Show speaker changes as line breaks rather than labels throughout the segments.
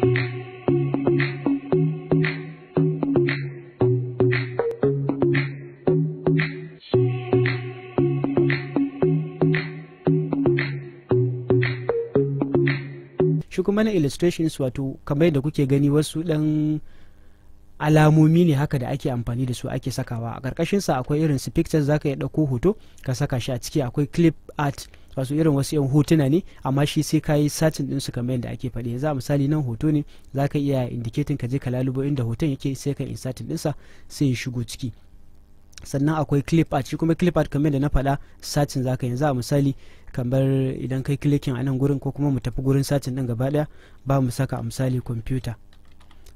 shi kuma na illustrations wato kamar yadda kuke gani wasu dan alamomi ne haka da ake amfani da su ake sakawa a karkashin sa akwai irin su pictures zaka iya dauko hoto ka saka shi a ciki akwai clip art wasu irin wasu yan hotuna ne amma shi sai ka yi satin din su kamar yadda ake faɗi yanzu a misali nan hoto ne za ka iya indiketin ka je ka lalubo inda hoton yake sai ka insertin ɗinsa sai ya shigo ciki sannan akwai clip art shi kuma clip art kamar da na faɗa satin za zaka yanzu a misali kamar idan kai clicking a nan gurin ko kuma mu tafi gurin satin din gaba ɗaya ba mu saka a misali computer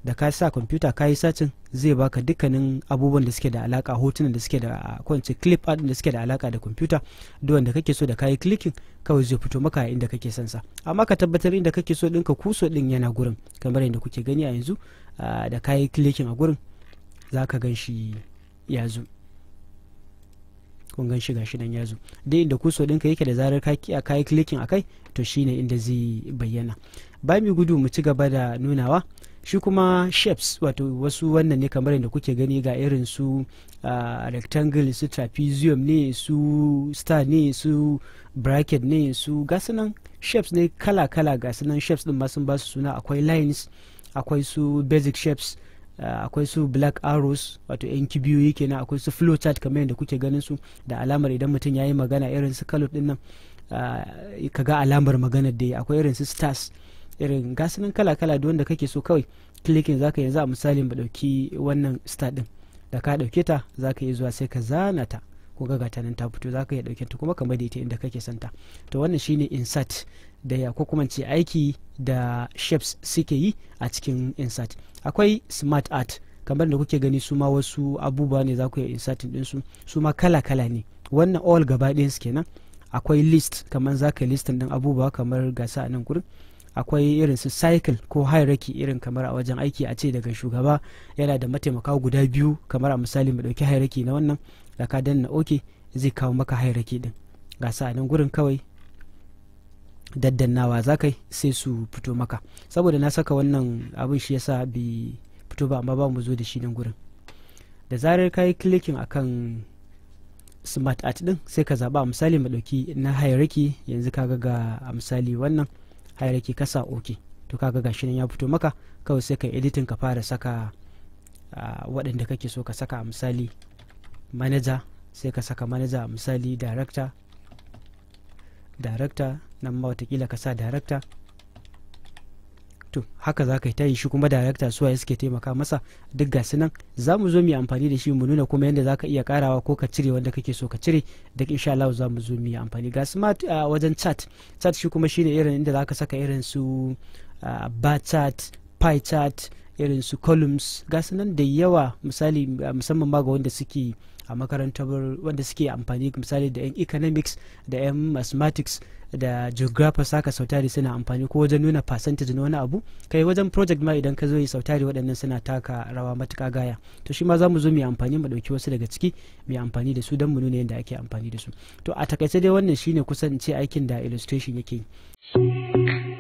da ka sa kwamfuta ka yi sacin zai baka dukkanin abubuwan da suke da alaka hotunan da suke da kwanci clip art da suke da alaka da kwamfuta da wanda kake so da kayi klikin kawai zai fito maka inda kake son sa amma ka tabbatar inda kake so ɗinka kuso ɗin yana gurin kamar yadda kuke gani a yanzu da kayi klikin a gurin za ka gan shi ya zo kun gan shi gashi nan ya zo dai inda kuso ɗinka yake da zarar ka yi klikin a kai to shine inda zai bayyana bami gudu mu ci gaba da nunawa shi kuma shapes wato wasu wannan ne kamar yadda kuke gani ga irin su uh, rectangle su trapezium ne su star ne su bracket ne su gasunan shapes ne kala-kala gasunan shapes din ma sun ba su suna akwai lines akwai su basic shapes Uh, akwai su black arrows wato yan kibiyoyi kenan akwai su chart kamar yadda kuke ganin su da alamar idan mutum ya yi magana irin su kalot din nan uh, kaga alamar magana da akwai irin su stars irin gasunan kala-kala da wanda kake so kawai clicking zaka yanzu a misali ba dauki wannan star din da ka dauke ta zaka yi zuwa sai ka zana ta ko ga gata nan ta fito zaka yi dauke ta kuma kamar da ita inda kake son ta to wannan shine insert da ya ko kuma ce aiki da shapes suke yi a cikin insert akwai smart art kamar da kuke gani su ma wasu abubuwa ne za ku iya inserting ɗinsu su ma kala-kala ne wannan all gaba su kenan akwai list kamar za ka listin ɗin abubuwa kamar gasa a nan kurin akwai irin su cycle ko hierarchy irin kamar a wajen aiki a ce daga shugaba yana da mataimaka guda biyu kamar a misali mu dauki hierarchy na wannan da ka danna oke zai kawo maka hierarchy din ga nan gurin kawai daddannawa za sai su fito maka saboda na saka wannan abin shi yasa bi fito ba amma ba mu zo da shi nan gurin da zarar ka yi clicking akan smart art din sai ka zaba misali mu dauki na hierarchy yanzu kaga ga misali wannan hayarki yake kasa ok to kaga gashi nan ya fito maka kawai sai ka editing ka fara saka waɗanda kake so ka saka a misali manager sai ka saka manager a misali director director nan ma watakila ka sa director to haka za ka ta yi shi kuma darakta suwaye suke taimaka masa duk ga nan za mu zo mu yi amfani da shi mu nuna kuma yadda za ka iya karawa ko ka cire wanda kake so ka cire duk insha Allah za mu zo mu yi amfani ga su wajen chat chat shi kuma shine irin inda za ka saka irin su bar chat pie chat. irin su columns gasu nan da yawa misali musamman ma ga wanda suke a makarantar wanda suke amfani misali da 'yan economics da 'yan mathematics da geographers haka sautari suna amfani ko wajen nuna percentage na wani abu kai wajen project ma idan ka zo yi sautari waɗannan suna taka rawa matuka gaya to shi ma za mu zo mu amfani mu ɗauki wasu daga ciki mu amfani da su don mu nuna yadda ake amfani da su to a takaice dai wannan shine kusan ce aikin da illustration yake yi